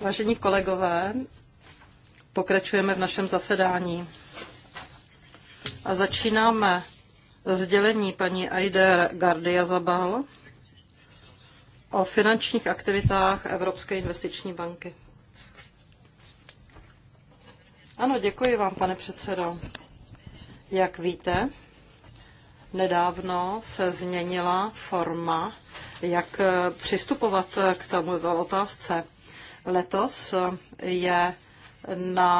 Vážení kolegové, pokračujeme v našem zasedání. A začínáme sdělení paní Aider Gardia Zabal o finančních aktivitách Evropské investiční banky. Ano, děkuji vám, pane předsedo. Jak víte, nedávno se změnila forma jak eh, přistupovat eh, k tomu otázce. Letos eh, je na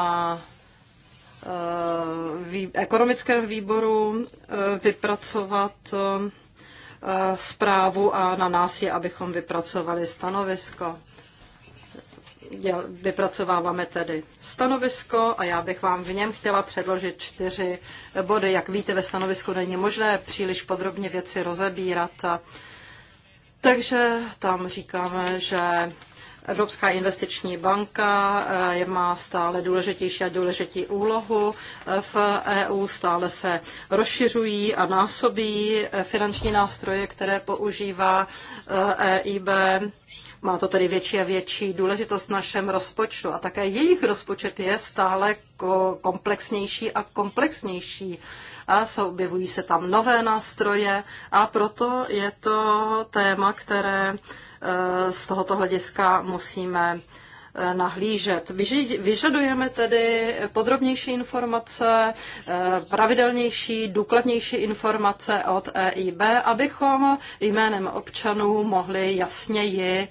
ekonomickém výboru vypracovat zprávu a na nás je, abychom vypracovali stanovisko. Vypracováváme tedy stanovisko a já bych vám v něm chtěla předložit čtyři body. Jak víte, ve stanovisku není možné příliš podrobně věci rozebírat. Takže tam říkáme, že Evropská investiční banka eh, je, má stále důležitější a důležitější úlohu eh, v EU, stále se rozšiřují a násobí eh, finanční nástroje, které používá EIB. E má to tedy větší a větší důležitost v našem rozpočtu a také jejich rozpočet je stále komplexnější a komplexnější a objevují se tam nové nástroje a proto je to téma, které eh, z tohoto hlediska musíme eh, nahlížet. Vyžadujeme tedy podrobnější informace, eh, pravidelnější, důkladnější informace od EIB, abychom jménem občanů mohli jasněji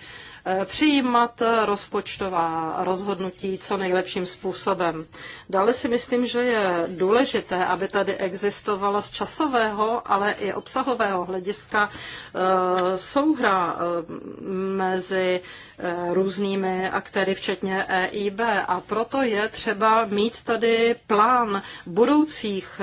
přijímat rozpočtová rozhodnutí co nejlepším způsobem. Dále si myslím, že je důležité, aby tady existovala z časového, ale i obsahového hlediska e, souhra e, mezi e, různými aktéry, včetně EIB. A proto je třeba mít tady plán budoucích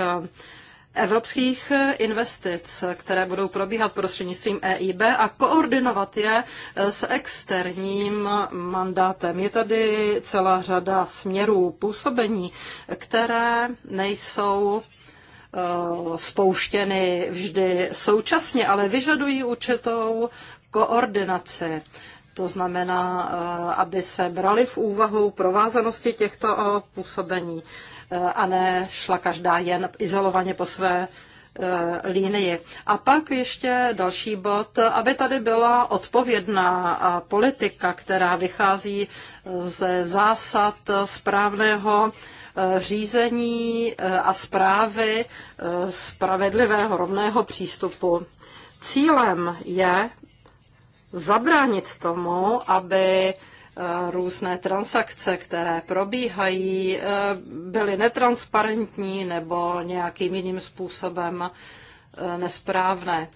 evropských investic, které budou probíhat prostřednictvím EIB a koordinovat je s externím mandátem. Je tady celá řada směrů působení, které nejsou eh, spouštěny vždy současně, ale vyžadují určitou koordinaci. To znamená, eh, aby se brali v úvahu provázanosti těchto působení. Eh, a ne šla každá jen izolovaně po své eh, línii. A pak ještě další bod, aby tady byla odpovědná politika, která vychází ze zásad správného eh, řízení a zprávy spravedlivého rovného přístupu. Cílem je zabránit tomu, aby Eh, různé transakce, které probíhají, eh, byly netransparentní nebo nějakým jiným způsobem eh, nesprávné.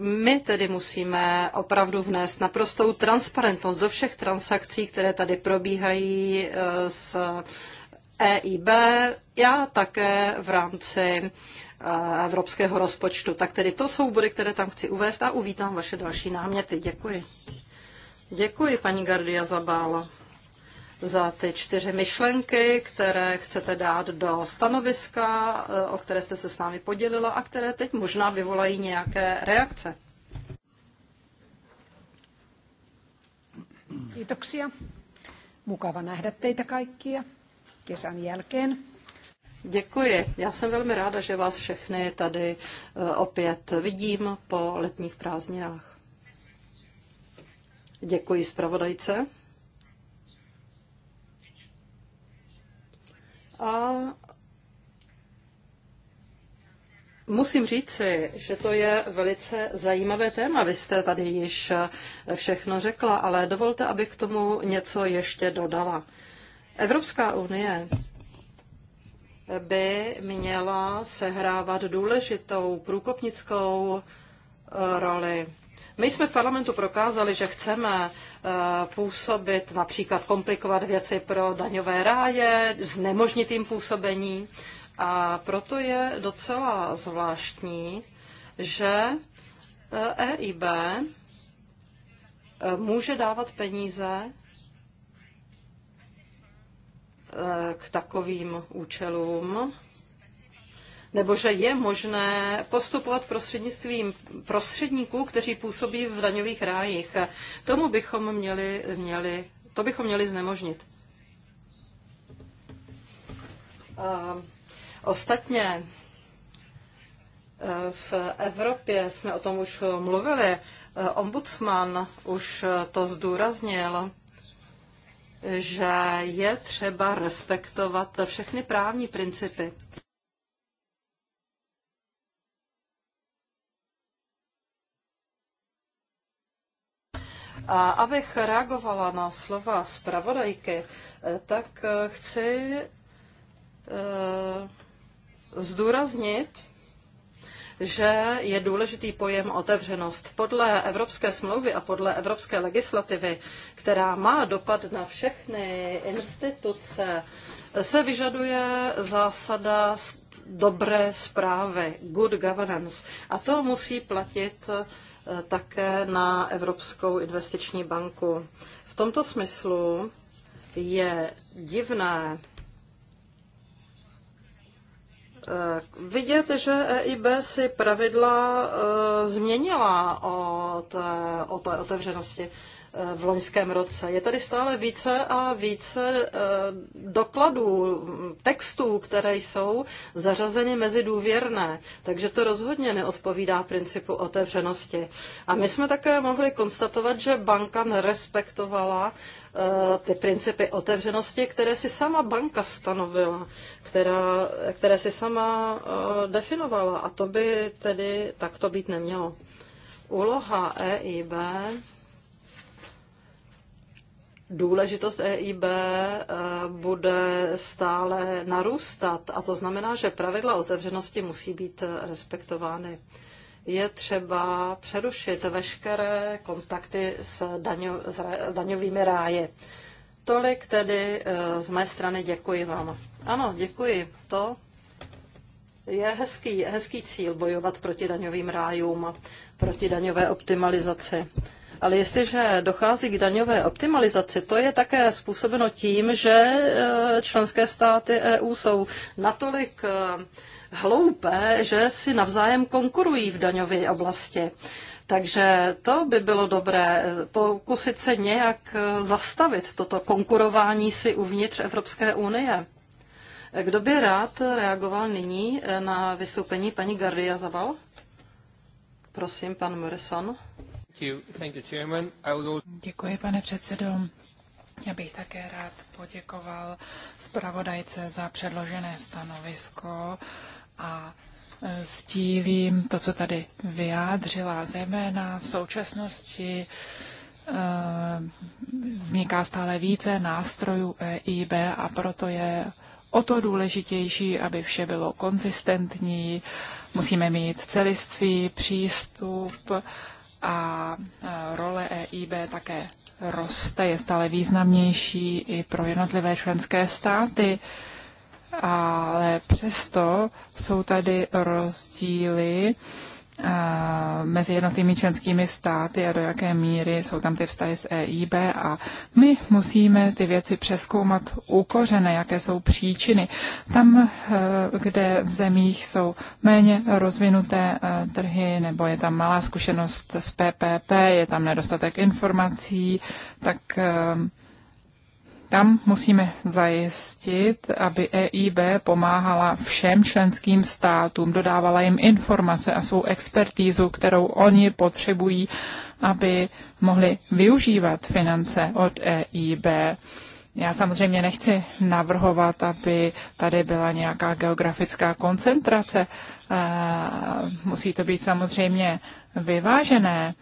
My tedy musíme opravdu vnést naprostou transparentnost do všech transakcí, které tady probíhají s EIB. Já také v rámci evropského rozpočtu. Tak tedy to jsou body, které tam chci uvést a uvítám vaše další náměty. Děkuji. Děkuji, paní Gardia Zabála, za ty čtyři myšlenky, které chcete dát do stanoviska, e, o které jste se s námi podělila a které teď možná vyvolají nějaké reakce. Kiitoksia. Mukava nähdä teitä kaikkia kesän jälkeen. Děkuji. Já jsem velmi ráda, že vás všechny tady eh, opět vidím po letních prázdninách. Děkuji zpravodajce. A Musím říci, že to je velice zajímavé téma. Vy jste tady již eh, všechno řekla, ale dovolte, abych k tomu něco ještě dodala. Evropská unie by měla sehrávat důležitou průkopnickou eh, roli. My jsme v parlamentu prokázali, že chceme eh, působit, například komplikovat věci pro daňové ráje, znemožnit jim působení. A proto je docela zvláštní, že EIB eh, e může dávat peníze k takovým účelům, nebo že je možné postupovat prostřednictvím prostředníků, kteří působí v daňových rájích. Tomu bychom měli, měli, to bychom měli znemožnit. A ostatně e, v Evropě jsme o tom už mluvili. E, ombudsman už to zdůraznil že je třeba respektovat všechny právní principy. A abych reagovala na slova zpravodajky, tak chci eh, zdůraznit, že je důležitý pojem otevřenost. Podle Evropské smlouvy a podle Evropské legislativy, která má dopad na všechny instituce, se vyžaduje zásada dobré zprávy, good governance. A to musí platit eh, také na Evropskou investiční banku. V tomto smyslu je divné, Eh, vidět, že EIB si pravidla eh, změnila o té, o té otevřenosti eh, v loňském roce. Je tady stále více a více dokladů, textů, které jsou zařazeny mezi důvěrné. Takže to rozhodně neodpovídá principu otevřenosti. A my jsme také mohli konstatovat, že banka nerespektovala Eh, ty principy otevřenosti, které si sama banka stanovila, která, které si sama eh, definovala. A to by tedy takto být nemělo. Úloha EIB, důležitost EIB eh, bude stále narůstat a to znamená, že pravidla otevřenosti musí být respektovány je třeba přerušit veškeré kontakty s, daňo, s daňovými ráje. Tolik tedy eh, z mé strany děkuji vám. Ano, děkuji. To je hezký, hezký cíl bojovat proti daňovým rájům, proti daňové optimalizaci. Ale jestliže dochází k daňové optimalizaci, to je také způsobeno tím, že eh, členské státy EU jsou natolik eh, hloupé, že si navzájem konkurují v daňové oblasti. Takže to by bylo dobré, eh, pokusit se nějak eh, zastavit toto konkurování si uvnitř Evropské unie. Eh, kdo by rád reagoval nyní na vystoupení paní Gardia Zaval? Prosím, pan Morrison. Děkuji, pane předsedo. Já bych také rád poděkoval zpravodajce za předložené stanovisko a e, sdílím to, co tady vyjádřila, zejména v současnosti e, vzniká stále více nástrojů EIB a proto je o to důležitější, aby vše bylo konzistentní. Musíme mít celistvý přístup a e, role EIB také roste, je stále významnější i pro jednotlivé členské státy ale přesto jsou tady rozdíly eh, mezi jednotlivými členskými státy a do jaké míry jsou tam ty vztahy s EIB a my musíme ty věci přeskoumat ukořené, jaké jsou příčiny. Tam, eh, kde v zemích jsou méně rozvinuté eh, trhy nebo je tam malá zkušenost s PPP, je tam nedostatek informací, tak tam musíme zajistit, aby EIB pomáhala všem členským státům, dodávala jim informace a svou expertízu, kterou oni potřebují, aby mohli využívat finance od EIB. Já samozřejmě nechci navrhovat, aby tady byla nějaká geografická koncentrace. Eh, musí to být samozřejmě vyvážené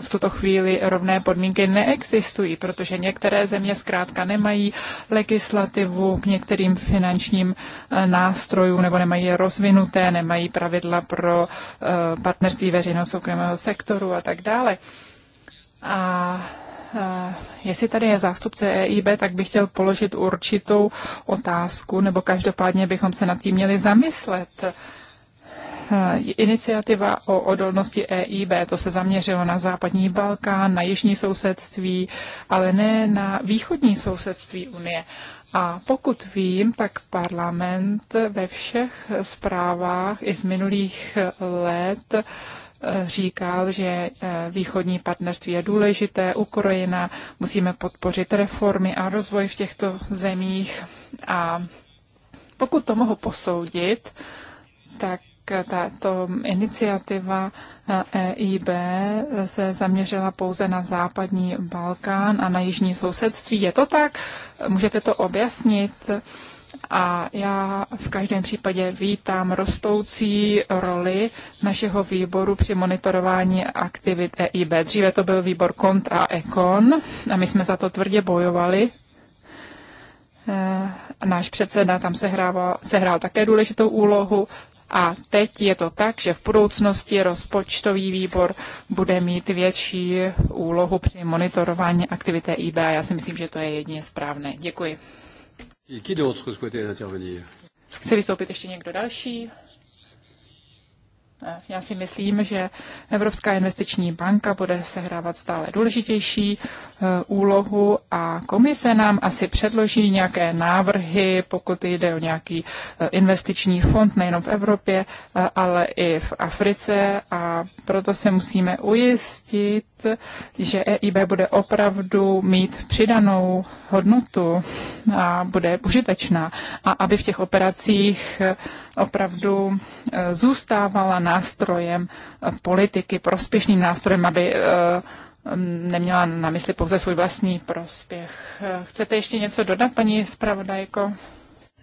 v tuto chvíli rovné podmínky neexistují, protože některé země zkrátka nemají legislativu k některým finančním eh, nástrojům nebo nemají je rozvinuté, nemají pravidla pro eh, partnerství veřejného soukromého sektoru a tak dále. A eh, jestli tady je zástupce EIB, tak bych chtěl položit určitou otázku, nebo každopádně bychom se nad tím měli zamyslet Eh, iniciativa o odolnosti EIB, to se zaměřilo na západní Balkán, na jižní sousedství, ale ne na východní sousedství Unie. A pokud vím, tak parlament ve všech zprávách i z minulých let eh, říkal, že eh, východní partnerství je důležité, Ukrajina, musíme podpořit reformy a rozvoj v těchto zemích. A pokud to mohu posoudit, tak tato iniciativa EIB eh, e se zaměřila pouze na západní Balkán a na jižní sousedství. Je to tak? Můžete to objasnit? A já v každém případě vítám rostoucí roli našeho výboru při monitorování aktivit EIB. Dříve to byl výbor KONT a EKON a my jsme za to tvrdě bojovali. Eh, náš předseda tam sehrával, sehrál také důležitou úlohu a teď je to tak, že v budoucnosti rozpočtový výbor bude mít větší úlohu při monitorování aktivity IB a já si myslím, že to je jedině správné. Děkuji. Chce vystoupit ještě někdo další? Eh, já si myslím, že Evropská investiční banka bude sehrávat stále důležitější eh, úlohu a komise nám asi předloží nějaké návrhy, pokud jde o nějaký eh, investiční fond nejenom v Evropě, ale i v Africe a proto se musíme ujistit, že EIB bude opravdu mít přidanou hodnotu a bude užitečná a aby v těch operacích opravdu e, zůstávala nástrojem politiky, prospěšným nástrojem, aby e, neměla na mysli pouze svůj vlastní prospěch. Chcete ještě něco dodat, paní zpravodajko?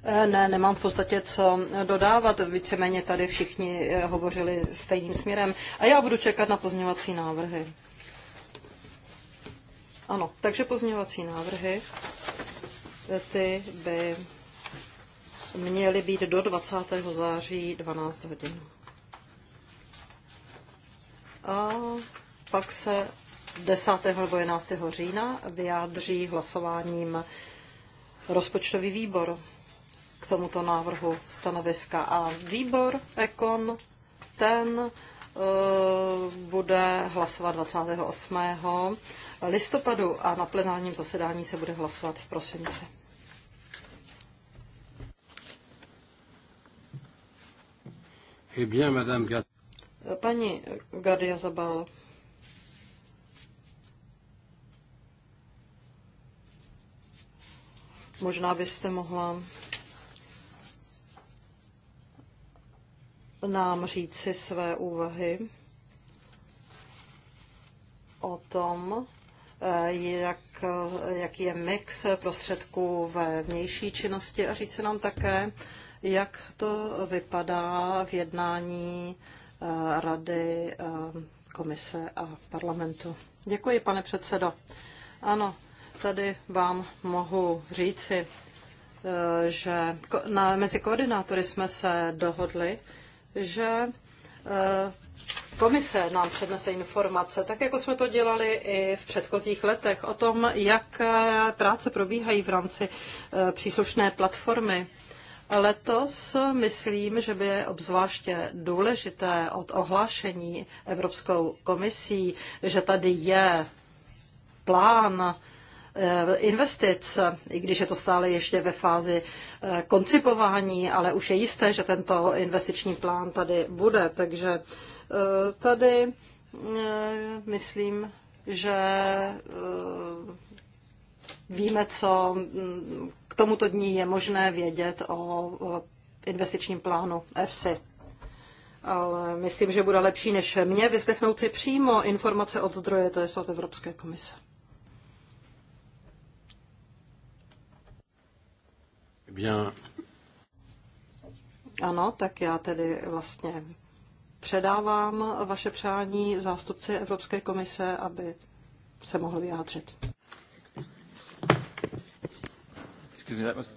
E, ne, nemám v podstatě co dodávat. Víceméně tady všichni hovořili stejným směrem. A já budu čekat na pozměňovací návrhy. Ano, takže pozměňovací návrhy, eh, ty by měly být do 20. září 12 hodin. A pak se 10. nebo 11. října vyjádří hlasováním rozpočtový výbor k tomuto návrhu stanoviska. A výbor Ekon, ten uh, bude hlasovat 28 listopadu a na plenárním zasedání se bude hlasovat v prosinci. Eh Paní Gardia Zabal. Možná byste mohla nám říci své úvahy o tom, Eh, jak, eh, jaký je mix prostředků ve vnější činnosti a říci nám také, jak to vypadá v jednání eh, Rady, Komise a parlamentu. Děkuji, pane předsedo. Ano, tady vám mohu říci, že na, mezi koordinátory jsme se dohodli, že komise nám přednese informace, tak jako jsme to dělali i v předchozích letech, o tom, jak eh, práce probíhají v rámci eh, příslušné platformy. Letos myslím, že by je obzvláště důležité od ohlášení Evropskou komisí, že tady je plán eh, investic, i když je to stále ještě ve fázi koncipování, ale už je jisté, že tento investiční plán tady bude, takže Eh, tady eh, myslím, že eh, víme, co mm, k tomuto dní je možné vědět o investičním plánu EFSI. Ale myslím, že bude lepší než mě vyslechnout si přímo informace od zdroje, to je od Evropské komise. Bien. Ano, tak já tedy vlastně Předávám vaše přání zástupci Evropské komise, aby se mohl vyjádřit. Excuse me, that was,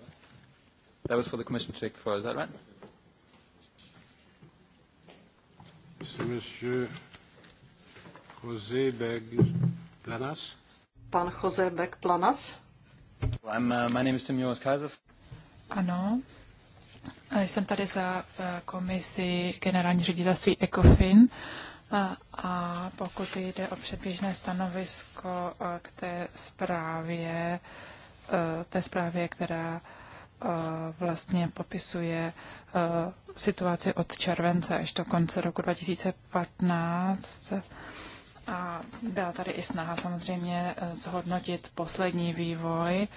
that was for the commission right? José Beg Planas. Pan José Beg Planas. I'm, uh, my name is Tim Jonas Kaiser. Ano, jsem tady za eh, komisi generální ředitelství ECOFIN a, a pokud jde o předběžné stanovisko eh, k té zprávě, eh, té zprávě, která vlastně popisuje situaci od července až do konce roku 2015. A byla tady i snaha samozřejmě zhodnotit poslední vývoj.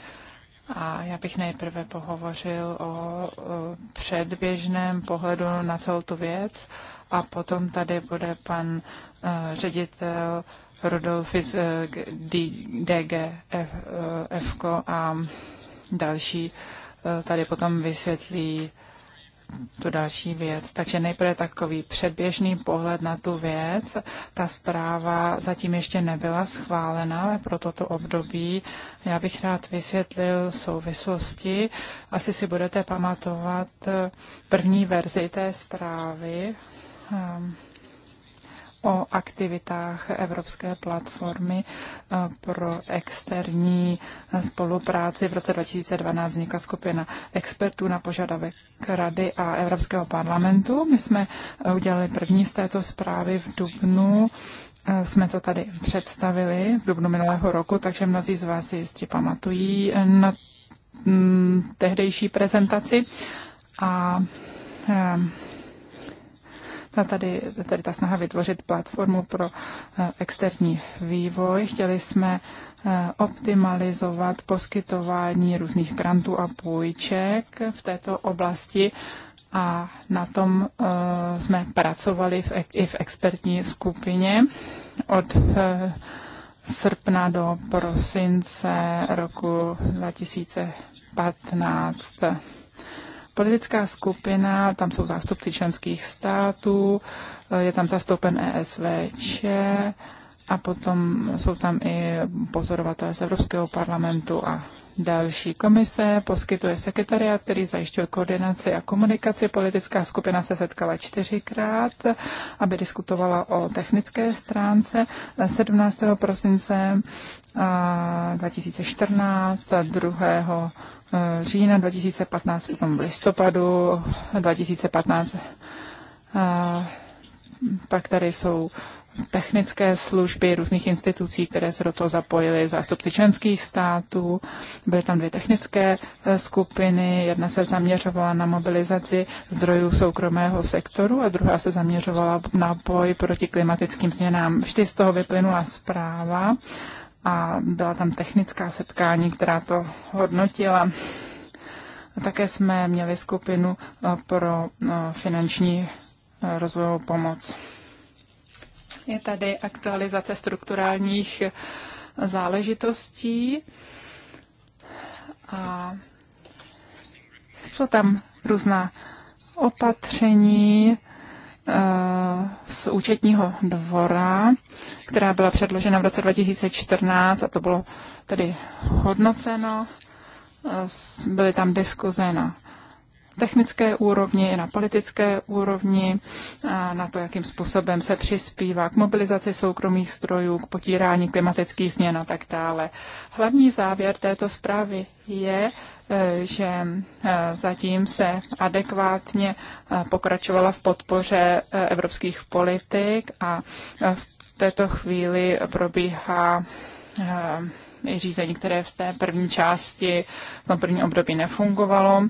A já bych nejprve pohovořil o předběžném pohledu na celou tu věc a potom tady bude pan eh, ředitel Rudolfis eh, DGF eh, a další tady potom vysvětlí tu další věc. Takže nejprve takový předběžný pohled na tu věc. Ta zpráva zatím ještě nebyla schválena ale pro toto období. Já bych rád vysvětlil souvislosti. Asi si budete pamatovat eh, první verzi té zprávy. Ehm, o aktivitách Evropské platformy eh, pro externí spolupráci. V roce 2012 vznikla skupina expertů na požadavek Rady a Evropského parlamentu. My jsme eh, udělali první z této zprávy v Dubnu eh, jsme to tady představili v dubnu minulého roku, takže mnozí z vás jistě pamatují na mm, tehdejší prezentaci. A tady, tady ta snaha vytvořit platformu pro eh, externí vývoj. Chtěli jsme eh, optimalizovat poskytování různých grantů a půjček v této oblasti a na tom eh, jsme pracovali v, i v expertní skupině od srpna do prosince roku 2015 politická skupina, tam jsou zástupci členských států, eh, je tam zastoupen ESVČ a potom jsou tam i pozorovatelé z Evropského parlamentu a Další komise poskytuje sekretariat, který zajišťuje koordinaci a komunikaci. Politická skupina se setkala čtyřikrát, aby diskutovala o technické stránce. Eh, 17. prosince 2014, 2. E, října 2015, potom v listopadu 2015. E, pak tady jsou technické služby různých institucí, které se do toho zapojily, zástupci členských států. Byly tam dvě technické e, skupiny, jedna se zaměřovala na mobilizaci zdrojů soukromého sektoru a druhá se zaměřovala na boj proti klimatickým změnám. Vždy z toho vyplynula zpráva a byla tam technická setkání, která to hodnotila. Také jsme měli skupinu eh, pro eh, finanční eh, rozvojovou pomoc. Je tady aktualizace strukturálních záležitostí a jsou tam různá opatření, z účetního dvora, která byla předložena v roce 2014 a to bylo tedy hodnoceno. Byly tam diskuze na technické úrovni, na politické úrovni, na to, jakým způsobem se přispívá k mobilizaci soukromých strojů, k potírání klimatických změn a tak dále. Hlavní závěr této zprávy je, e, že e, zatím se adekvátně e, pokračovala v podpoře evropských politik a v této chvíli probíhá řízení, které v té první části, v tom prvním období nefungovalo.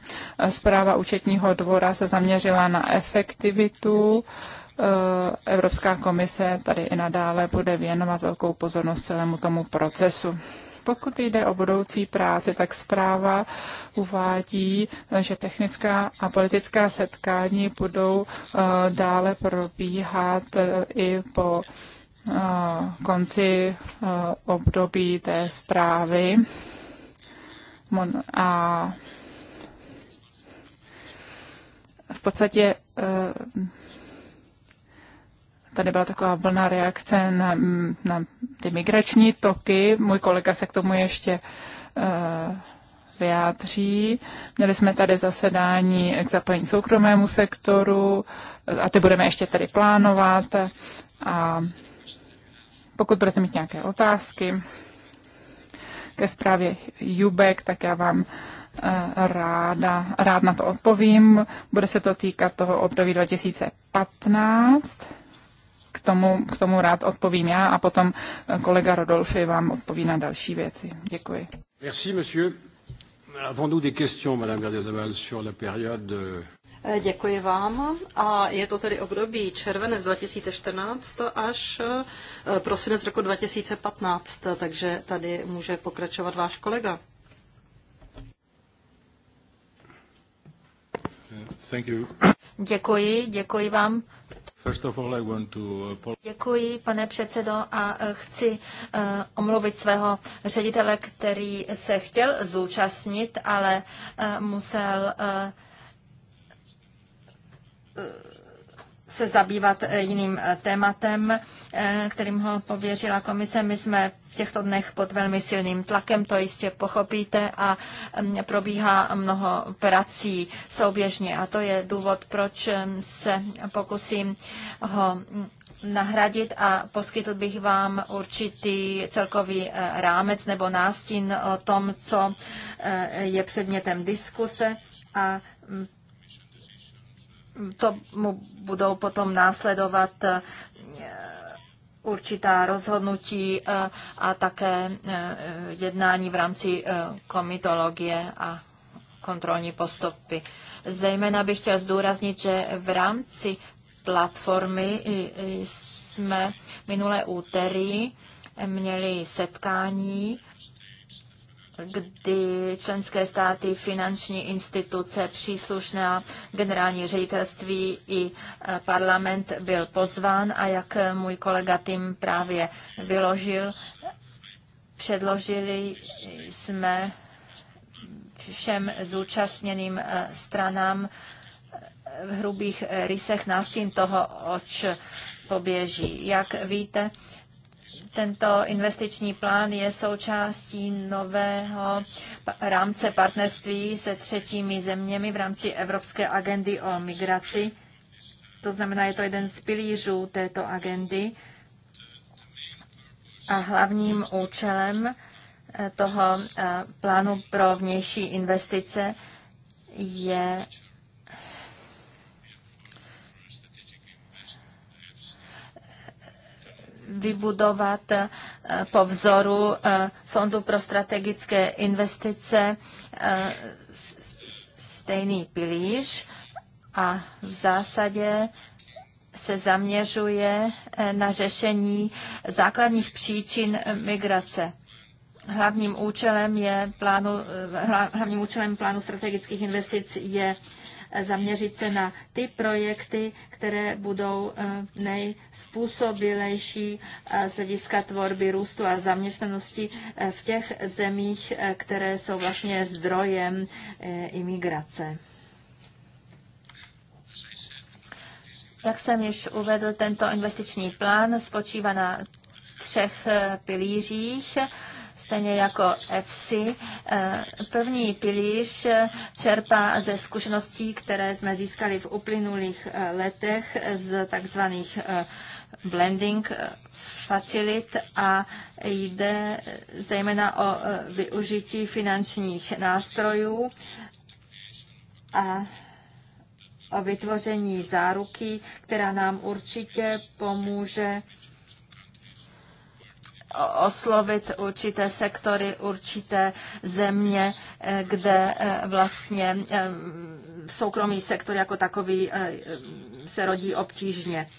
Zpráva účetního dvora se zaměřila na efektivitu. Eh, Evropská komise tady i nadále bude věnovat velkou pozornost celému tomu procesu. Pokud jde o budoucí práci, tak zpráva uvádí, že technická a politická setkání budou eh, dále probíhat eh, i po Eh, konci eh, období té zprávy a v podstatě eh, tady byla taková vlna reakce na, na ty migrační toky. Můj kolega se k tomu ještě vyjádří. Měli jsme tady zasedání k zapojení soukromému sektoru a ty budeme ještě tady plánovat. A pokud budete mít nějaké otázky ke zprávě Jubek, tak já vám eh, ráda, rád na to odpovím. Bude se to týkat toho období 2015. K tomu, k tomu rád odpovím já a potom eh, kolega Rodolfi vám odpoví na další věci. Děkuji. Merci, monsieur. Avons-nous des questions, Madame sur la période euh, Děkuji vám. A je to tedy období červenec 2014 až eh, prosinec roku 2015, takže tady může pokračovat váš kolega. Thank you. Děkuji, děkuji vám. Děkuji, pane předsedo, a eh, chci uh, omluvit svého ředitele, který se chtěl zúčastnit, ale uh, musel uh, se zabývat eh, jiným eh, tématem, eh, kterým ho pověřila komise. My jsme v těchto dnech pod velmi silným tlakem, to jistě pochopíte, a mm, probíhá mnoho prací souběžně. A to je důvod, proč mm, se pokusím ho mm, nahradit a poskytl bych vám určitý celkový rámec nebo nástin o tom, co je předmětem diskuse a to mu budou potom následovat eh, určitá rozhodnutí eh, a také eh, jednání v rámci komitologie a kontrolní postupy. Zejména bych chtěl zdůraznit, že v rámci platformy jsme minulé úterý měli setkání kdy členské státy, finanční instituce, příslušná generální ředitelství i eh, parlament byl pozván a jak eh, můj kolega tím právě vyložil, předložili jsme všem zúčastněným eh, stranám v hrubých rysech nástin toho, oč poběží. Jak víte, tento investiční plán je součástí nového rámce partnerství se třetími zeměmi v rámci Evropské agendy o migraci. To znamená, je to jeden z pilířů této agendy. A hlavním účelem eh, toho eh, plánu pro vnější investice je vybudovat eh, po vzoru eh, Fondu pro strategické investice eh, stejný pilíř a v zásadě se zaměřuje na řešení základních příčin migrace. Hlavním účelem, je plánu, hlavním účelem plánu strategických investic je zaměřit se na ty projekty, které budou eh, nejspůsobilejší eh, z hlediska tvorby růstu a zaměstnanosti eh, v těch zemích, které jsou vlastně zdrojem imigrace. Jak jsem již uvedl, tento investiční plán spočívá na třech pilířích stejně jako EFSI. Eh, první pilíř eh, čerpá ze zkušeností, které jsme získali v uplynulých eh, letech z takzvaných blending facilit a jde zejména o využití finančních nástrojů a o vytvoření záruky, která nám určitě pomůže oslovit určité sektory, určité země, eh, kde eh, vlastně eh, soukromý sektor jako takový se rodí obtížně.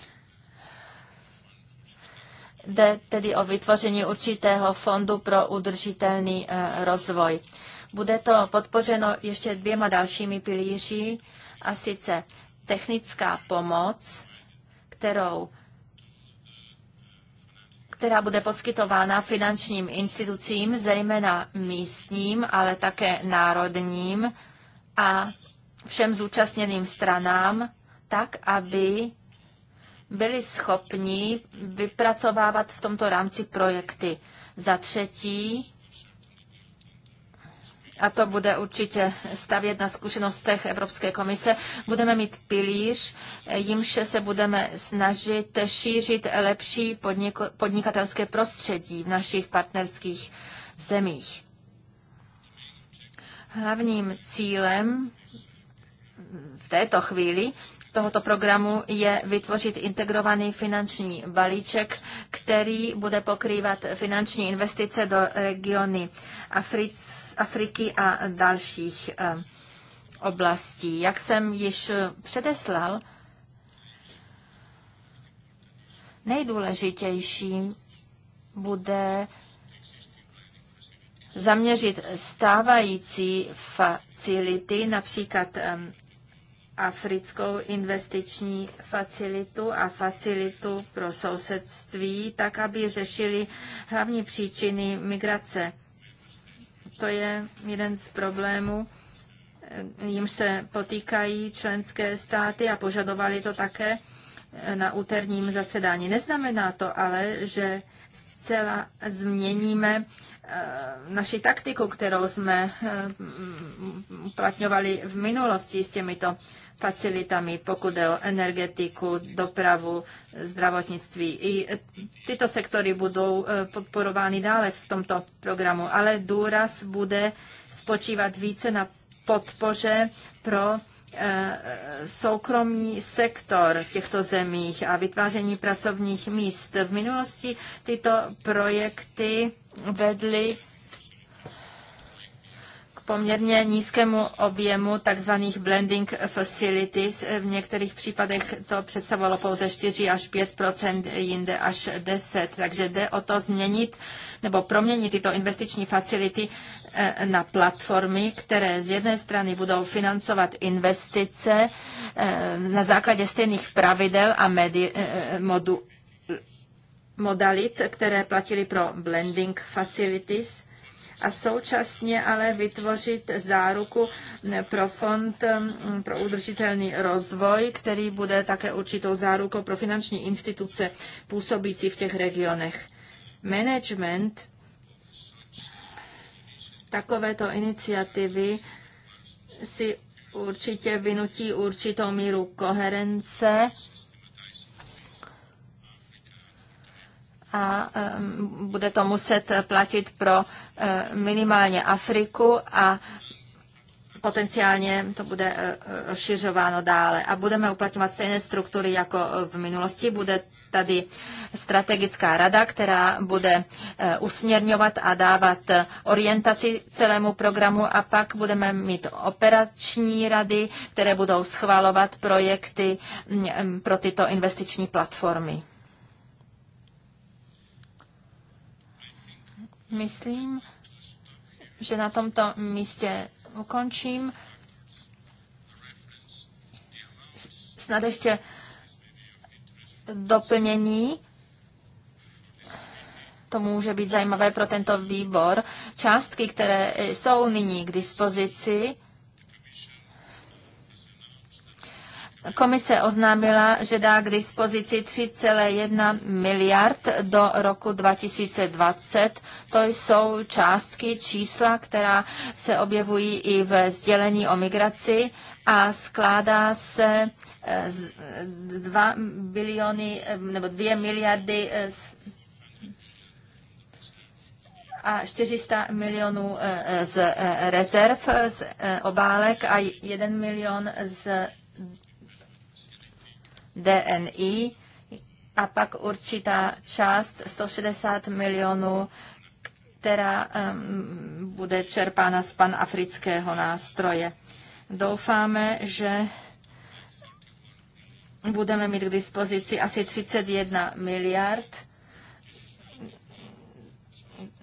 Jde tedy o vytvoření určitého fondu pro udržitelný rozvoj. Bude to podpořeno ještě dvěma dalšími pilíři, a sice technická pomoc, kterou která bude poskytována finančním institucím, zejména místním, ale také národním a všem zúčastněným stranám, tak, aby byli schopni vypracovávat v tomto rámci projekty. Za třetí, a to bude určitě stavět na zkušenostech Evropské komise, budeme mít pilíř, jimž se budeme snažit šířit lepší podnik- podnikatelské prostředí v našich partnerských zemích. Hlavním cílem v této chvíli tohoto programu je vytvořit integrovaný finanční balíček, který bude pokrývat finanční investice do regiony Africké Afriky a dalších eh, oblastí. Jak jsem již eh, předeslal, nejdůležitějším bude zaměřit stávající facility, například africkou investiční facilitu a facilitu pro sousedství, tak aby řešili hlavní příčiny migrace to je jeden z problémů, jim se potýkají členské státy a požadovali to také eh, na úterním zasedání. Neznamená to ale, že zcela změníme Eh, naši taktiku, kterou jsme eh, uplatňovali v minulosti s těmito facilitami, pokud je o energetiku, dopravu, zdravotnictví. I tyto sektory budou eh, podporovány dále v tomto programu, ale důraz bude spočívat více na podpoře pro soukromý sektor v těchto zemích a vytváření pracovních míst. V minulosti tyto projekty vedly k poměrně nízkému objemu tzv. blending facilities. V některých případech to představovalo pouze 4 až 5 jinde až 10 Takže jde o to změnit nebo proměnit tyto investiční facility eh, na platformy, které z jedné strany budou financovat investice eh, na základě stejných pravidel a eh, modu modalit, které platily pro blending facilities a současně ale vytvořit záruku pro fond mm, pro udržitelný rozvoj, který bude také určitou zárukou pro finanční instituce působící v těch regionech. Management takovéto iniciativy si určitě vynutí určitou míru koherence a e, bude to muset platit pro e, minimálně Afriku a potenciálně to bude e, rozšiřováno dále. A budeme uplatňovat stejné struktury jako v minulosti. Bude tady strategická rada, která bude usměrňovat a dávat orientaci celému programu a pak budeme mít operační rady, které budou schvalovat projekty pro tyto investiční platformy. Myslím, že na tomto místě ukončím. Snad ještě doplnění. To může být zajímavé pro tento výbor. Částky, které jsou nyní k dispozici, Komise oznámila, že dá k dispozici 3,1 miliard do roku 2020. To jsou částky, čísla, která se objevují i v sdělení o migraci a skládá se eh, z 2 biliony eh, nebo 2 miliardy eh, a 400 milionů z rezerv, z obálek a 1 milion z DNI a pak určitá část 160 milionů, která um, bude čerpána z panafrického nástroje. Doufáme, že budeme mít k dispozici asi 31 miliard.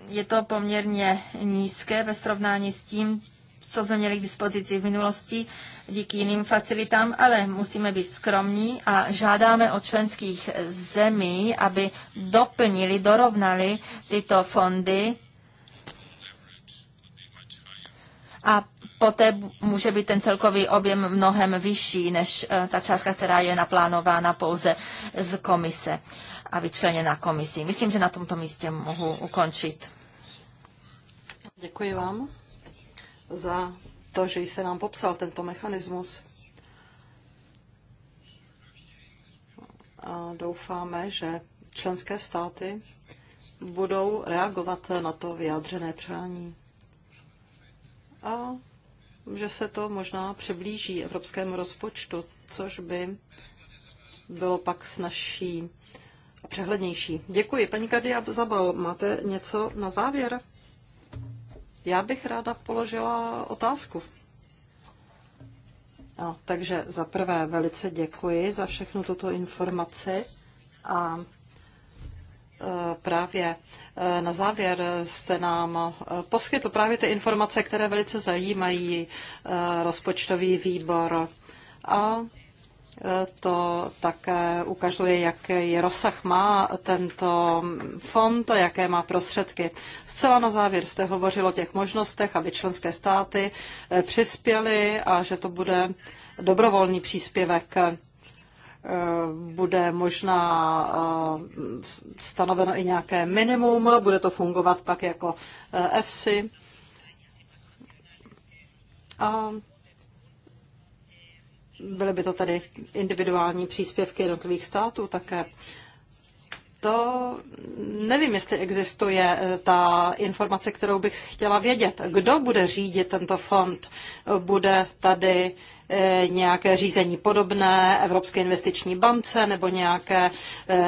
Je to poměrně nízké ve srovnání s tím, co jsme měli k dispozici v minulosti díky jiným facilitám, ale musíme být skromní a žádáme od členských zemí, aby doplnili, dorovnali tyto fondy a poté může být ten celkový objem mnohem vyšší než eh, ta částka, která je naplánována pouze z komise a vyčleněna komisí. Myslím, že na tomto místě mohu ukončit. Děkuji vám za to, že jste nám popsal tento mechanismus. A doufáme, že členské státy budou reagovat na to vyjádřené přání. A že se to možná přiblíží evropskému rozpočtu, což by bylo pak snažší a přehlednější. Děkuji. Paní Kardia Zabal, máte něco na závěr? Já bych ráda položila otázku. No, takže za prvé velice děkuji za všechnu tuto informaci a e, právě e, na závěr jste nám e, poskytl právě ty informace, které velice zajímají rozpočtový výbor. A to také ukazuje, jaký je rozsah má tento fond, jaké má prostředky. Zcela na závěr jste hovořil o těch možnostech, aby členské státy eh, přispěly a že to bude dobrovolný příspěvek eh, bude možná eh, stanoveno i nějaké minimum, bude to fungovat pak jako EFSI. A byly by to tedy individuální příspěvky jednotlivých států také. To nevím, jestli existuje eh, ta informace, kterou bych chtěla vědět. Kdo bude řídit tento fond? Bude tady eh, nějaké řízení podobné Evropské investiční bance nebo nějaké eh,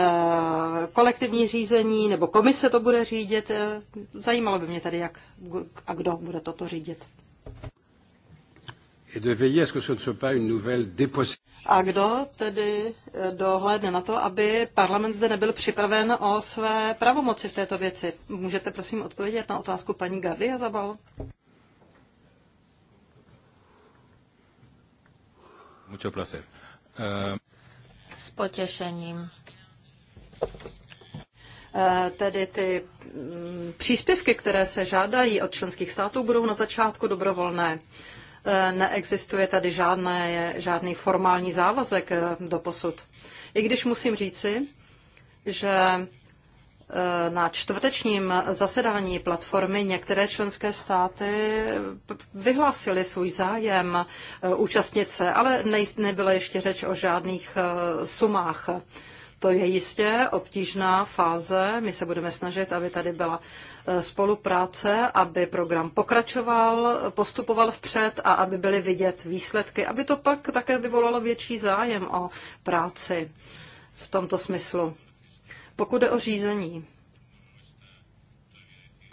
kolektivní řízení nebo komise to bude řídit? Zajímalo by mě tady, jak a kdo bude toto řídit. A kdo tedy eh, dohlédne na to, aby parlament zde nebyl připraven o své pravomoci v této věci? Můžete prosím odpovědět na otázku paní Gardia Zabal? Mucho placer. Eh, S potěšením. Eh, tedy ty mm, příspěvky, které se žádají od členských států, budou na začátku dobrovolné. Eh, neexistuje tady žádné, žádný formální závazek eh, do posud. I když musím říci, že eh, na čtvrtečním zasedání platformy některé členské státy vyhlásily svůj zájem účastnit se, ale nebyla ještě řeč o žádných sumách. To je jistě obtížná fáze. My se budeme snažit, aby tady byla e, spolupráce, aby program pokračoval, postupoval vpřed a aby byly vidět výsledky, aby to pak také vyvolalo větší zájem o práci v tomto smyslu. Pokud jde o řízení,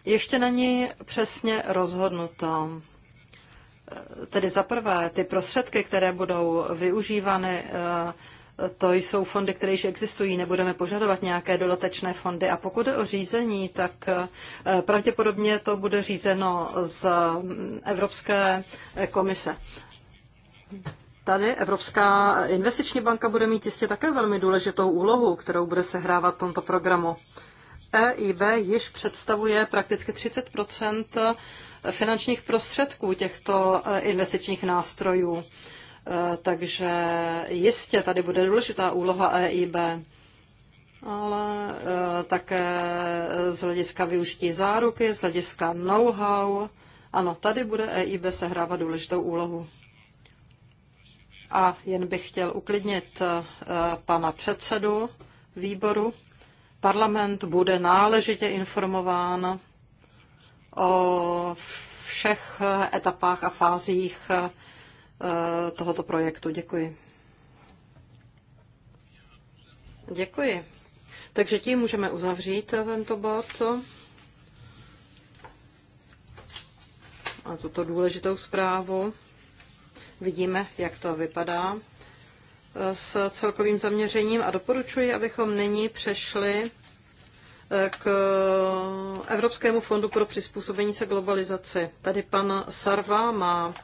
ještě není přesně rozhodnuto. E, tedy za prvé, ty prostředky, které budou využívány, e, to jsou fondy, které již existují, nebudeme požadovat nějaké dodatečné fondy. A pokud je o řízení, tak eh, pravděpodobně to bude řízeno z mm, Evropské komise. Tady Evropská investiční banka bude mít jistě také velmi důležitou úlohu, kterou bude sehrávat v tomto programu. EIB již představuje prakticky 30 eh, finančních prostředků těchto eh, investičních nástrojů. Eh, takže jistě tady bude důležitá úloha EIB, ale eh, také z hlediska využití záruky, z hlediska know-how. Ano, tady bude EIB sehrávat důležitou úlohu. A jen bych chtěl uklidnit eh, pana předsedu výboru. Parlament bude náležitě informován o všech etapách a fázích Eh, tohoto projektu. Děkuji. Děkuji. Takže tím můžeme uzavřít tento bod a tuto důležitou zprávu. Vidíme, jak to vypadá eh, s celkovým zaměřením a doporučuji, abychom nyní přešli eh, k Evropskému fondu pro přizpůsobení se globalizaci. Tady pan Sarva má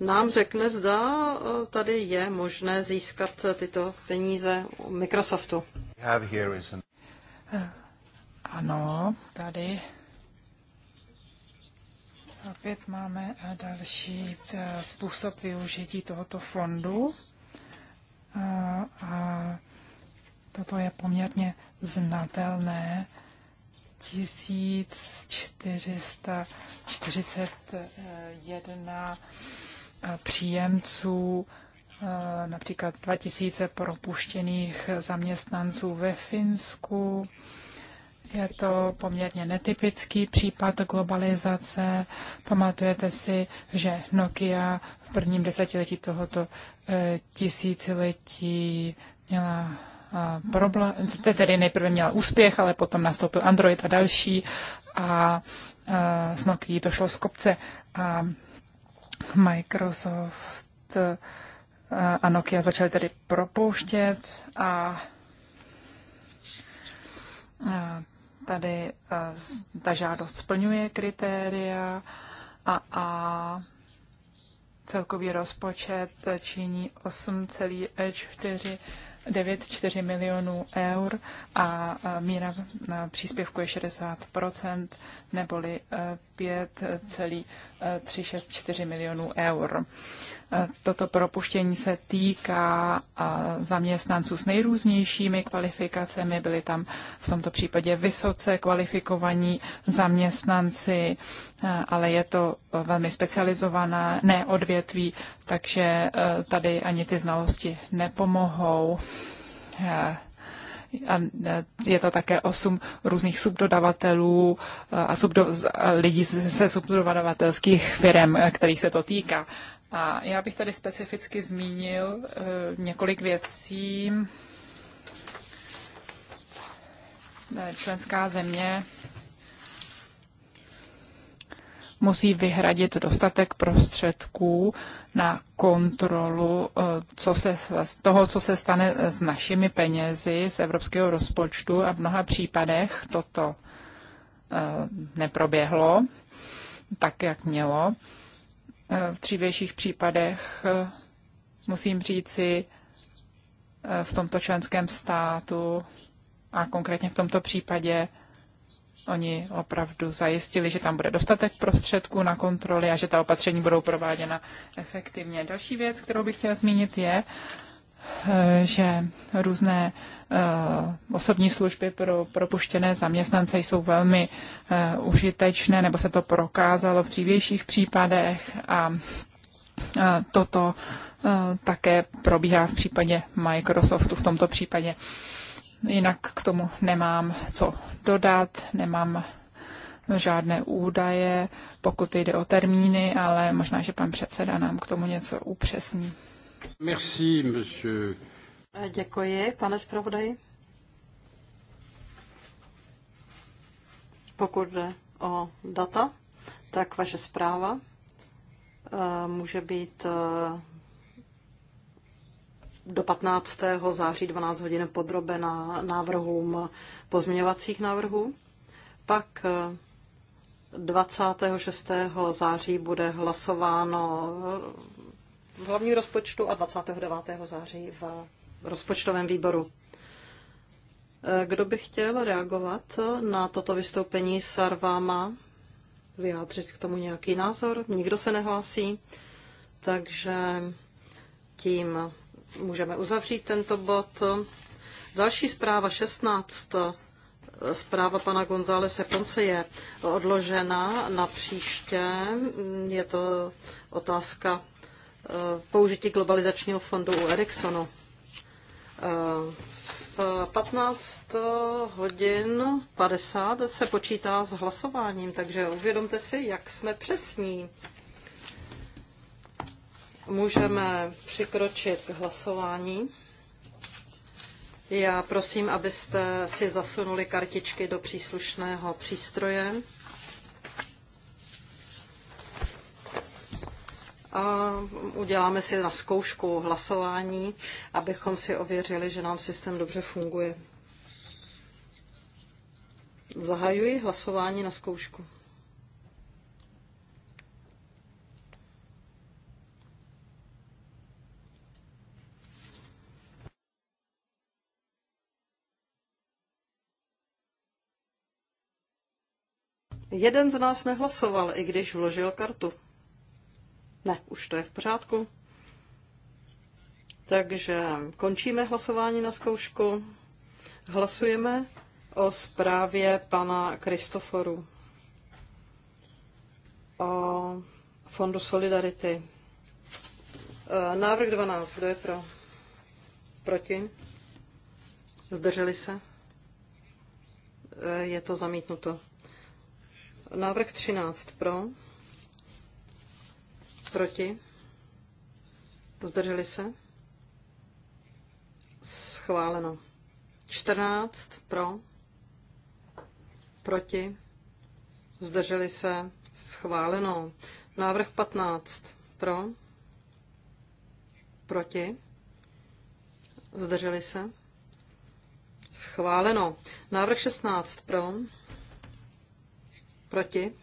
nám řekne, zda eh, tady je možné získat tyto peníze Microsoftu. Eh, ano, tady opět máme eh, další způsob využití tohoto fondu. A, a toto je poměrně znatelné. 1441 příjemců, eh, například 2000 propuštěných zaměstnanců ve Finsku. Je to poměrně netypický případ globalizace. Pamatujete si, že Nokia v prvním desetiletí tohoto eh, tisíciletí měla eh, problém, tedy nejprve měla úspěch, ale potom nastoupil Android a další a s Nokia to šlo z kopce. A Microsoft eh, a Nokia začaly tedy propouštět a eh, tady eh, ta žádost splňuje kritéria a, a celkový rozpočet činí 8,4 9,4 milionů eur a míra příspěvku je 60 neboli 5,364 e, e, milionů eur. Toto propuštění se týká zaměstnanců s nejrůznějšími kvalifikacemi. Byli tam v tomto případě vysoce kvalifikovaní zaměstnanci, ale je to velmi specializované neodvětví, takže e, tady ani ty znalosti nepomohou. E, a e, je to také osm různých subdodavatelů a subdo, lidí se subdodavatelských firm, kterých se to týká. A já bych tady specificky zmínil uh, několik věcí. Eh, členská země musí vyhradit dostatek prostředků na kontrolu eh, co se, z toho, co se stane s našimi penězi z evropského rozpočtu a v mnoha případech toto neproběhlo tak, jak mělo v dřívějších případech, musím říci, v tomto členském státu a konkrétně v tomto případě oni opravdu zajistili, že tam bude dostatek prostředků na kontroly a že ta opatření budou prováděna efektivně. Další věc, kterou bych chtěla zmínit, je, Eh, že různé eh, osobní služby pro propuštěné zaměstnance jsou velmi eh, užitečné, nebo se to prokázalo v dřívějších případech a toto také probíhá v případě Microsoftu v tomto případě. Jinak k tomu nemám co dodat, nemám žádné údaje, pokud jde o termíny, ale možná, že pan předseda nám k tomu něco upřesní. Merci, monsieur. Eh, děkuji, pane zpravodaji. Pokud jde o data, tak vaše zpráva eh, může být eh, do 15. září 12 hodin podrobena návrhům pozměňovacích návrhů. Pak 26. září bude hlasováno v hlavním rozpočtu a 29. září v rozpočtovém výboru. Eh, kdo by chtěl reagovat na toto vystoupení Sarváma, vyjádřit k tomu nějaký názor? Nikdo se nehlásí, takže tím můžeme uzavřít tento bod. Další zpráva 16 eh, zpráva pana Gonzálese Ponce je odložena na příště. Je to otázka Eh, použití globalizačního fondu u Ericssonu. Eh, v 15 hodin 50 se počítá s hlasováním, takže uvědomte si, jak jsme přesní. Můžeme přikročit k hlasování. Já prosím, abyste si zasunuli kartičky do příslušného přístroje. a uděláme si na zkoušku hlasování, abychom si ověřili, že nám systém dobře funguje. Zahajuji hlasování na zkoušku. Jeden z nás nehlasoval, i když vložil kartu. Ne, už to je v pořádku. Takže končíme hlasování na zkoušku. Hlasujeme o zprávě pana Kristoforu o Fondu Solidarity. E, návrh 12. Kdo je pro? Proti? Zdrželi se? E, je to zamítnuto. Návrh 13. Pro? Proti? Zdrželi se? Schváleno. 14 pro. Proti? Zdrželi se? Schváleno. Návrh 15 pro. Proti? Zdrželi se? Schváleno. Návrh 16 pro. Proti?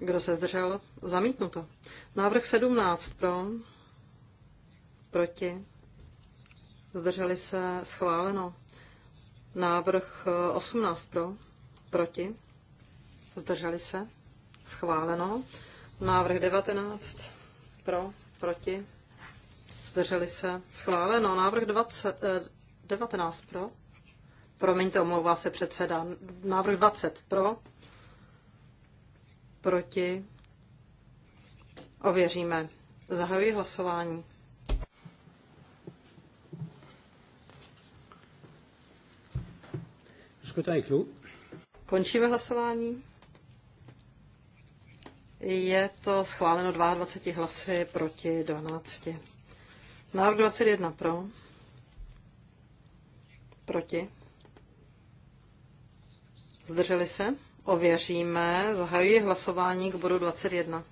Kdo se zdržel? Zamítnuto. Návrh 17 pro. Proti. Zdrželi se? Schváleno. Návrh 18 eh, pro. Proti. Zdrželi se? Schváleno. Návrh 19 pro. Proti. Zdrželi se? Schváleno. Návrh 20, eh, 19 pro. Promiňte, omlouvá se předseda. Návrh 20 pro Proti? Ověříme. Zahajuji hlasování. Končíme hlasování. Je to schváleno 22 hlasy proti 12. Návrh 21 pro. Proti. Zdrželi se? Ověříme. Zahajuji hlasování k bodu 21.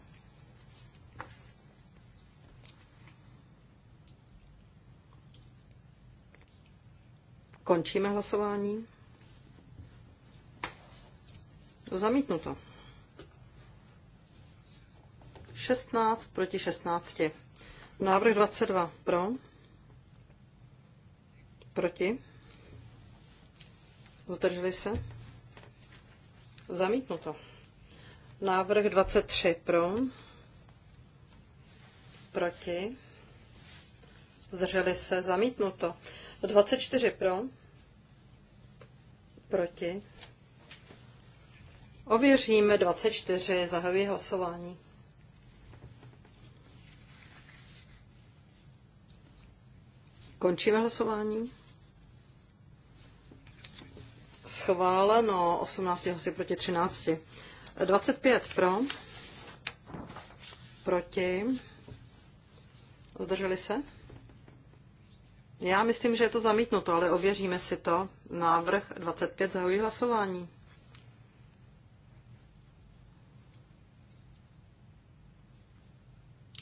Končíme hlasování. Zamítnuto. 16 proti 16. Návrh 22 pro. Proti. Zdrželi se. Zamítnuto. Návrh 23 pro. Proti. Zdrželi se. Zamítnuto. 24 pro. Proti. Ověříme 24. Zahajuji hlasování. Končíme hlasování. Schváleno 18 hlasy proti 13. 25 pro, proti, zdrželi se? Já myslím, že je to zamítnuto, ale ověříme si to. Návrh 25 zahojí hlasování.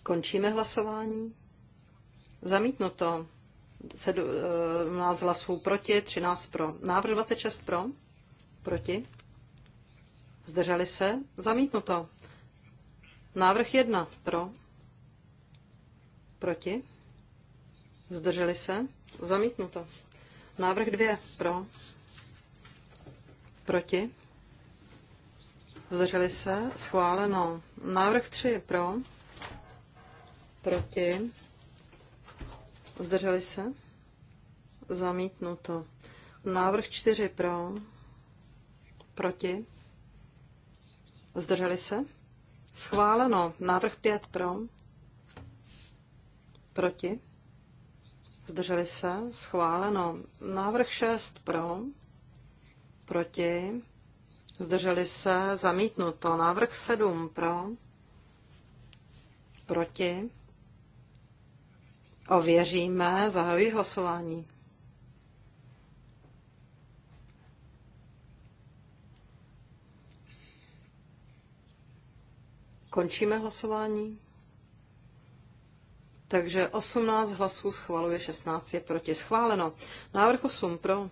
Končíme hlasování. Zamítnuto. 17 eh, hlasů proti, 13 pro. Návrh 26 pro, proti. Zdrželi se? Zamítnuto. Návrh 1 pro, proti. Zdrželi se? Zamítnuto. Návrh 2 pro, proti. Zdrželi se? Schváleno. Návrh 3 pro, proti. Zdrželi se? Zamítnuto. Návrh 4 pro. Proti. Zdrželi se? Schváleno. Návrh 5 pro. Proti. Zdrželi se? Schváleno. Návrh 6 pro. Proti. Zdrželi se? Zamítnuto. Návrh 7 pro. Proti. Ověříme, zahajuji hlasování. Končíme hlasování. Takže 18 hlasů schvaluje, 16 je proti. Schváleno. Návrh 8 pro.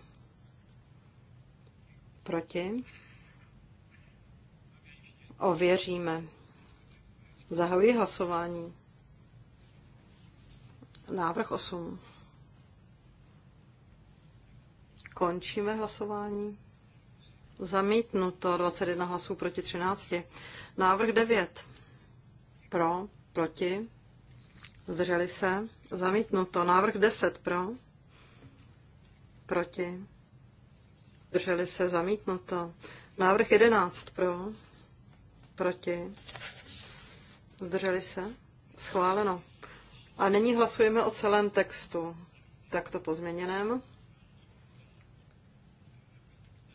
Proti. Ověříme. Zahajuji hlasování. Návrh 8. Končíme hlasování. Zamítnuto 21 hlasů proti 13. Návrh 9. Pro, proti, zdrželi se. Zamítnuto. Návrh 10 pro, proti, zdrželi se. Zamítnuto. Návrh 11 pro, proti, zdrželi se. Schváleno. A nyní hlasujeme o celém textu, takto pozměněném.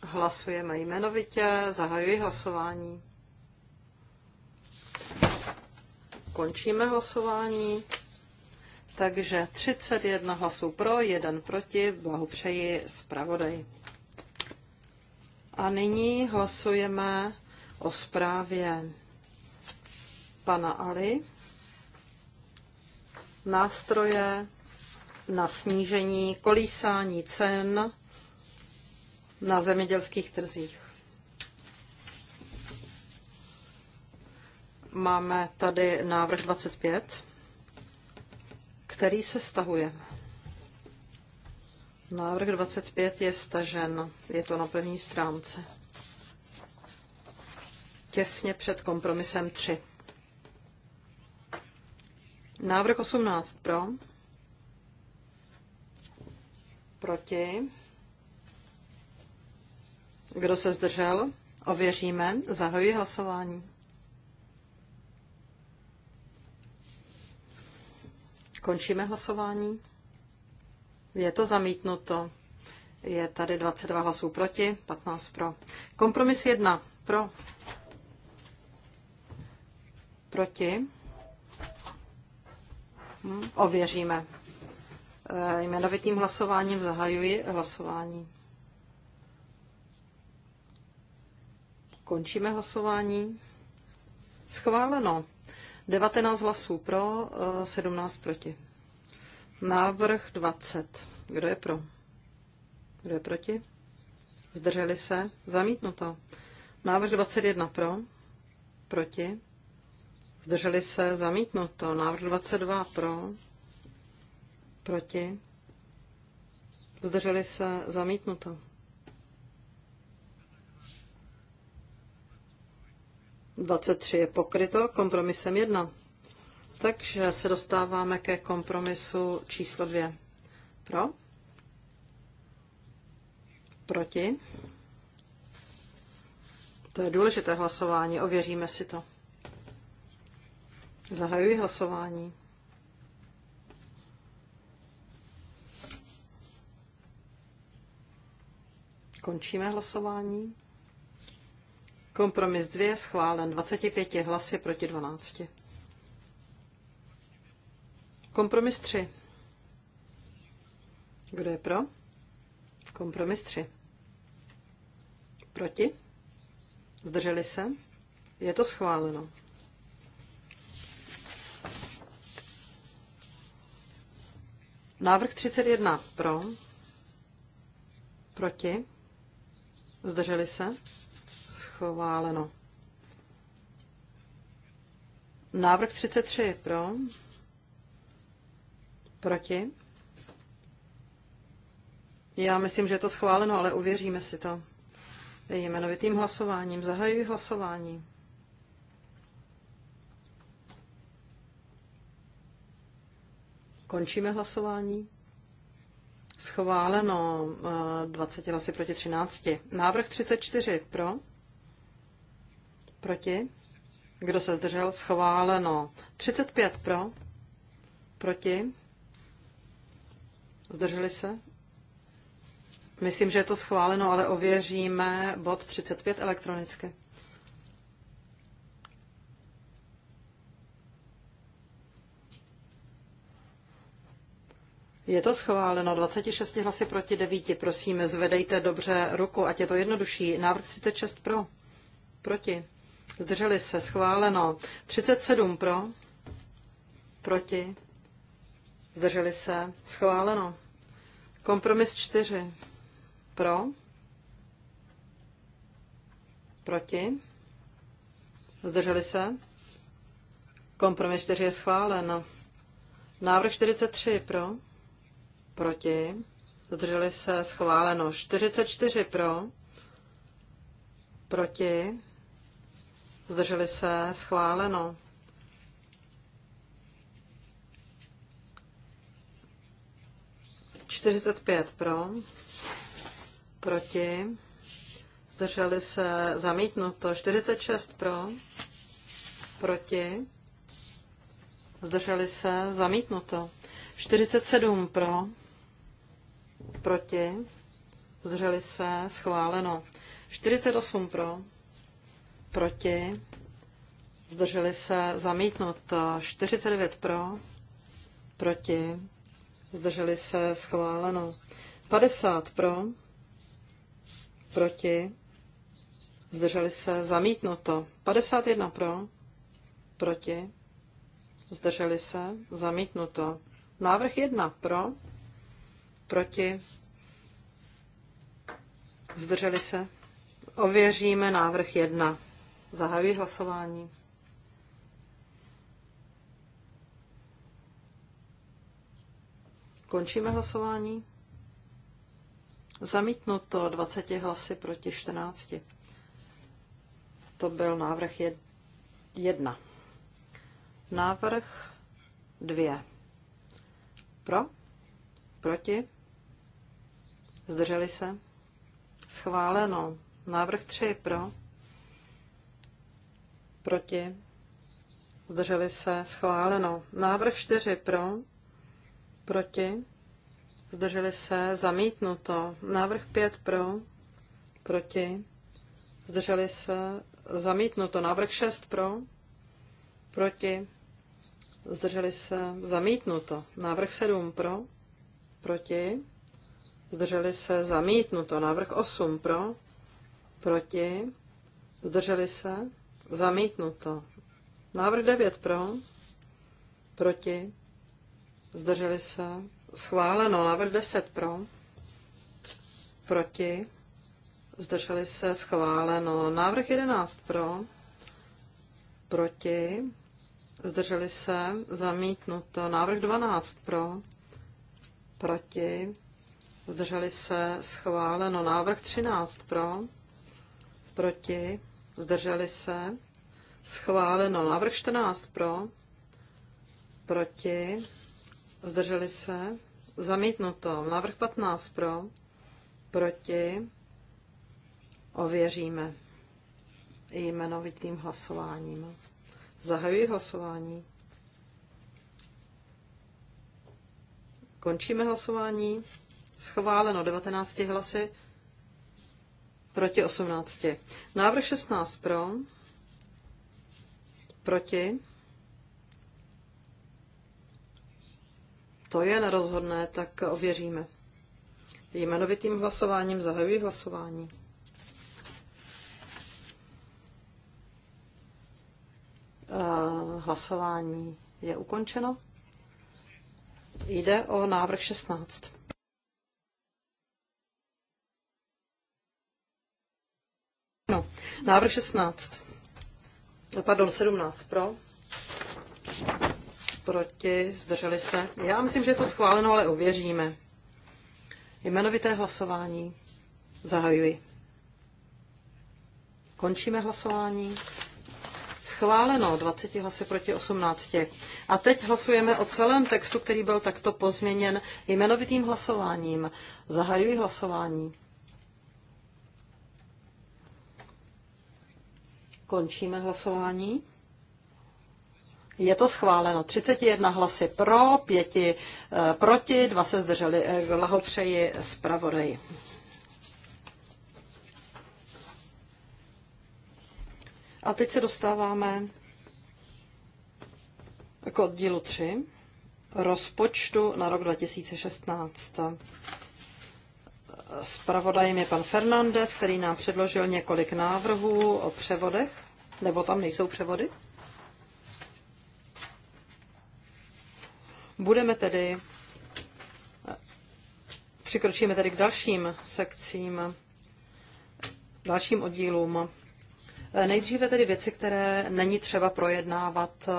Hlasujeme jmenovitě, zahajuji hlasování. Končíme hlasování. Takže 31 hlasů pro, 1 proti. Blahopřeji zpravodaj. A nyní hlasujeme o zprávě pana Ali nástroje na snížení kolísání cen na zemědělských trzích. Máme tady návrh 25, který se stahuje. Návrh 25 je stažen, je to na první stránce. Těsně před kompromisem 3. Návrh 18 pro. Proti. Kdo se zdržel? Ověříme. Zahoji hlasování. Končíme hlasování. Je to zamítnuto. Je tady 22 hlasů proti, 15 pro. Kompromis 1 pro. Proti. Ověříme. Eh, jmenovitým hlasováním zahajuji hlasování. Končíme hlasování. Schváleno. 19 hlasů pro, 17 eh, proti. Návrh 20. Kdo je pro? Kdo je proti? Zdrželi se? Zamítnuto. Návrh 21 pro, proti, Zdrželi se zamítnuto. Návrh 22 pro. Proti. Zdrželi se zamítnuto. 23 je pokryto kompromisem 1. Takže se dostáváme ke kompromisu číslo 2. Pro? Proti? To je důležité hlasování, ověříme si to. Zahajuji hlasování. Končíme hlasování. Kompromis 2 schválen 25 hlasy proti 12. Kompromis 3. Kdo je pro? Kompromis 3. Proti? Zdrželi se? Je to schváleno. Návrh 31 pro, proti, zdrželi se, schváleno. Návrh 33 pro, proti. Já myslím, že je to schváleno, ale uvěříme si to. Jmenovitým hlasováním. Zahajuji hlasování. Končíme hlasování. Schváleno 20 eh, hlasy proti 13. Návrh 34 pro. Proti. Kdo se zdržel? Schváleno. 35 pro. Proti. Zdrželi se? Myslím, že je to schváleno, ale ověříme bod 35 elektronicky. Je to schváleno 26 hlasy proti 9. Prosím, zvedejte dobře ruku, ať je to jednodušší. Návrh 36 pro. Proti. Zdrželi se. Schváleno. 37 pro. Proti. Zdrželi se. Schváleno. Kompromis 4. Pro. Proti. Zdrželi se. Kompromis 4 je schválen. Návrh 43 pro proti, zdrželi se schváleno 44 pro, proti, zdrželi se schváleno. Čtyřicet pět pro, proti, zdrželi se zamítnuto, 46 pro, proti, zdrželi se zamítnuto, 47 pro, proti, zřeli se, schváleno. 48 pro, proti, zdrželi se, zamítnut. 49 pro, proti, zdrželi se, schváleno. 50 pro, proti, zdrželi se, zamítnuto. 51 pro, proti, zdrželi se, zamítnuto. Návrh 1 pro, proti, zdrželi se. Ověříme návrh 1. Zahajuji hlasování. Končíme hlasování. Zamítnuto 20 hlasy proti 14. To byl návrh 1. Návrh 2. Pro? Proti? Zdrželi se? Schváleno. Návrh 3 pro. Proti. Zdrželi se? Schváleno. Návrh 4 pro. Proti. Zdrželi se? Zamítnuto. Návrh 5 pro. Proti. Zdrželi se? Zamítnuto. Návrh 6 pro. Proti. Zdrželi se? Zamítnuto. Návrh 7 pro. Proti zdrželi se, zamítnuto. Návrh 8 pro, proti, zdrželi se, zamítnuto. Návrh 9 pro, proti, zdrželi se, schváleno. Návrh 10 pro, proti, zdrželi se, schváleno. Návrh 11 pro, proti, zdrželi se, zamítnuto. Návrh 12 pro, proti, zdrželi se, schváleno. Návrh 13 pro, proti, zdrželi se, schváleno. Návrh 14 pro, proti, zdrželi se, zamítnuto. Návrh 15 pro, proti, ověříme i jmenovitým hlasováním. Zahajuji hlasování. Končíme hlasování. Schváleno 19 hlasy proti 18. Návrh 16 pro, proti. To je nerozhodné, tak ověříme. Jmenovitým hlasováním zahajuji hlasování. Eh, hlasování je ukončeno. Jde o návrh 16. No, návrh 16. Eh, pardon, 17 pro. Proti, zdrželi se. Já myslím, že je to schváleno, ale uvěříme. Jmenovité hlasování zahajuji. Končíme hlasování. Schváleno 20 hlasy proti 18. A teď hlasujeme o celém textu, který byl takto pozměněn jmenovitým hlasováním. Zahajuji hlasování. Končíme hlasování. Je to schváleno. 31 hlasy pro, 5 eh, proti, 2 se zdrželi. Eh, blahopřeji zpravodaji. A teď se dostáváme k oddílu 3 rozpočtu na rok 2016. Spravodajem je pan Fernandez, který nám předložil několik návrhů o převodech, nebo tam nejsou převody. Budeme tedy, přikročíme tedy k dalším sekcím, dalším oddílům. Nejdříve tedy věci, které není třeba projednávat eh,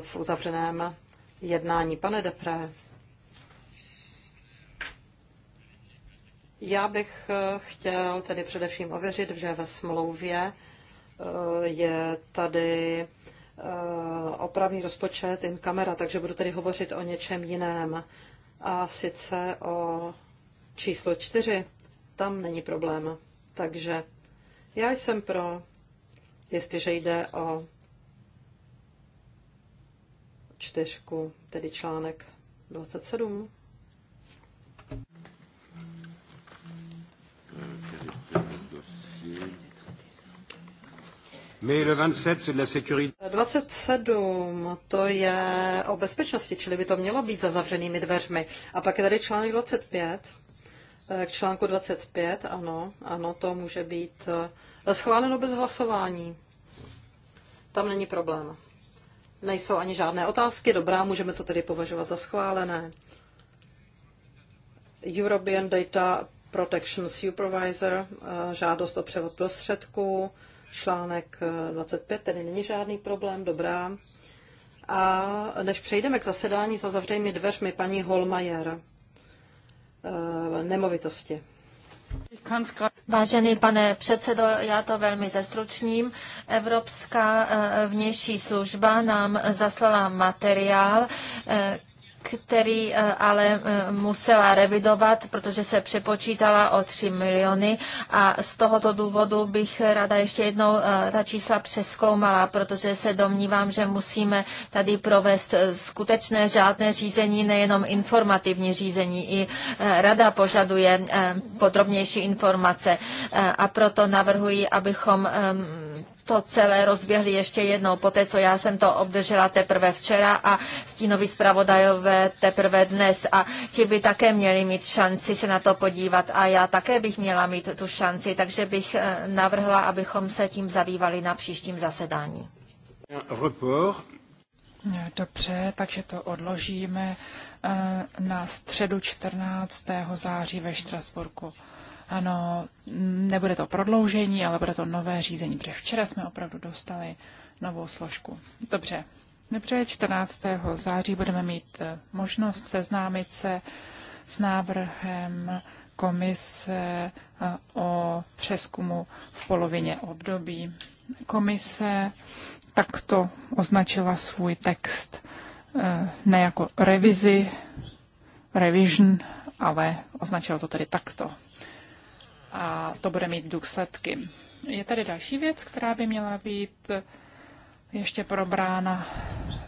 v uzavřeném jednání. Pane Depre, Já bych eh, chtěl tedy především ověřit, že ve smlouvě eh, je tady eh, opravný rozpočet in kamera, takže budu tedy hovořit o něčem jiném. A sice o číslo čtyři. Tam není problém. Takže já jsem pro, jestliže jde o čtyřku, tedy článek 27. 27, 27, to je o bezpečnosti, čili by to mělo být za zavřenými dveřmi. A pak je tady článek 25. Eh, k článku 25, ano, ano, to může být eh, schváleno bez hlasování. Tam není problém. Nejsou ani žádné otázky, dobrá, můžeme to tedy považovat za schválené. European Data Protection Supervisor, eh, žádost o převod prostředků, článek 25, eh, tedy není žádný problém, dobrá. A než přejdeme k zasedání za zavřejmi dveřmi, paní Holmajer, eh, nemovitosti. Vážený pane předsedo, já to velmi zestručním. Evropská eh, vnější služba nám zaslala materiál, který eh, ale eh, musela revidovat, protože se přepočítala o 3 miliony a z tohoto důvodu bych ráda ještě jednou eh, ta čísla přeskoumala, protože se domnívám, že musíme tady provést skutečné žádné řízení, nejenom informativní řízení. I rada požaduje podrobnější informace a proto navrhuji, abychom to celé rozběhli ještě jednou, po té, co já jsem to obdržela teprve včera a stínoví zpravodajové teprve dnes a ti by také měli mít šanci se na to podívat a já také bych měla mít tu šanci, takže bych eh, navrhla, abychom se tím zabývali na příštím zasedání. No, dobře, takže to odložíme eh, na středu 14. září ve Štrasburku. Ano, nebude to prodloužení, ale bude to nové řízení, protože včera jsme opravdu dostali novou složku. Dobře, Dobře, 14. září budeme mít eh, možnost seznámit se s návrhem komise eh, o přeskumu v polovině období. Komise takto označila svůj text eh, ne jako revizi, revision, ale označilo to tedy takto a to bude mít důsledky. Je tady další věc, která by měla být ještě probrána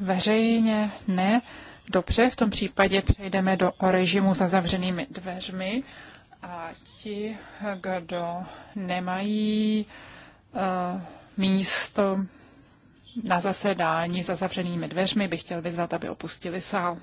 veřejně? Ne. Dobře, v tom případě přejdeme do režimu za zavřenými dveřmi a ti, kdo nemají uh, místo na zasedání za zavřenými dveřmi, bych chtěl vyzvat, aby opustili sál.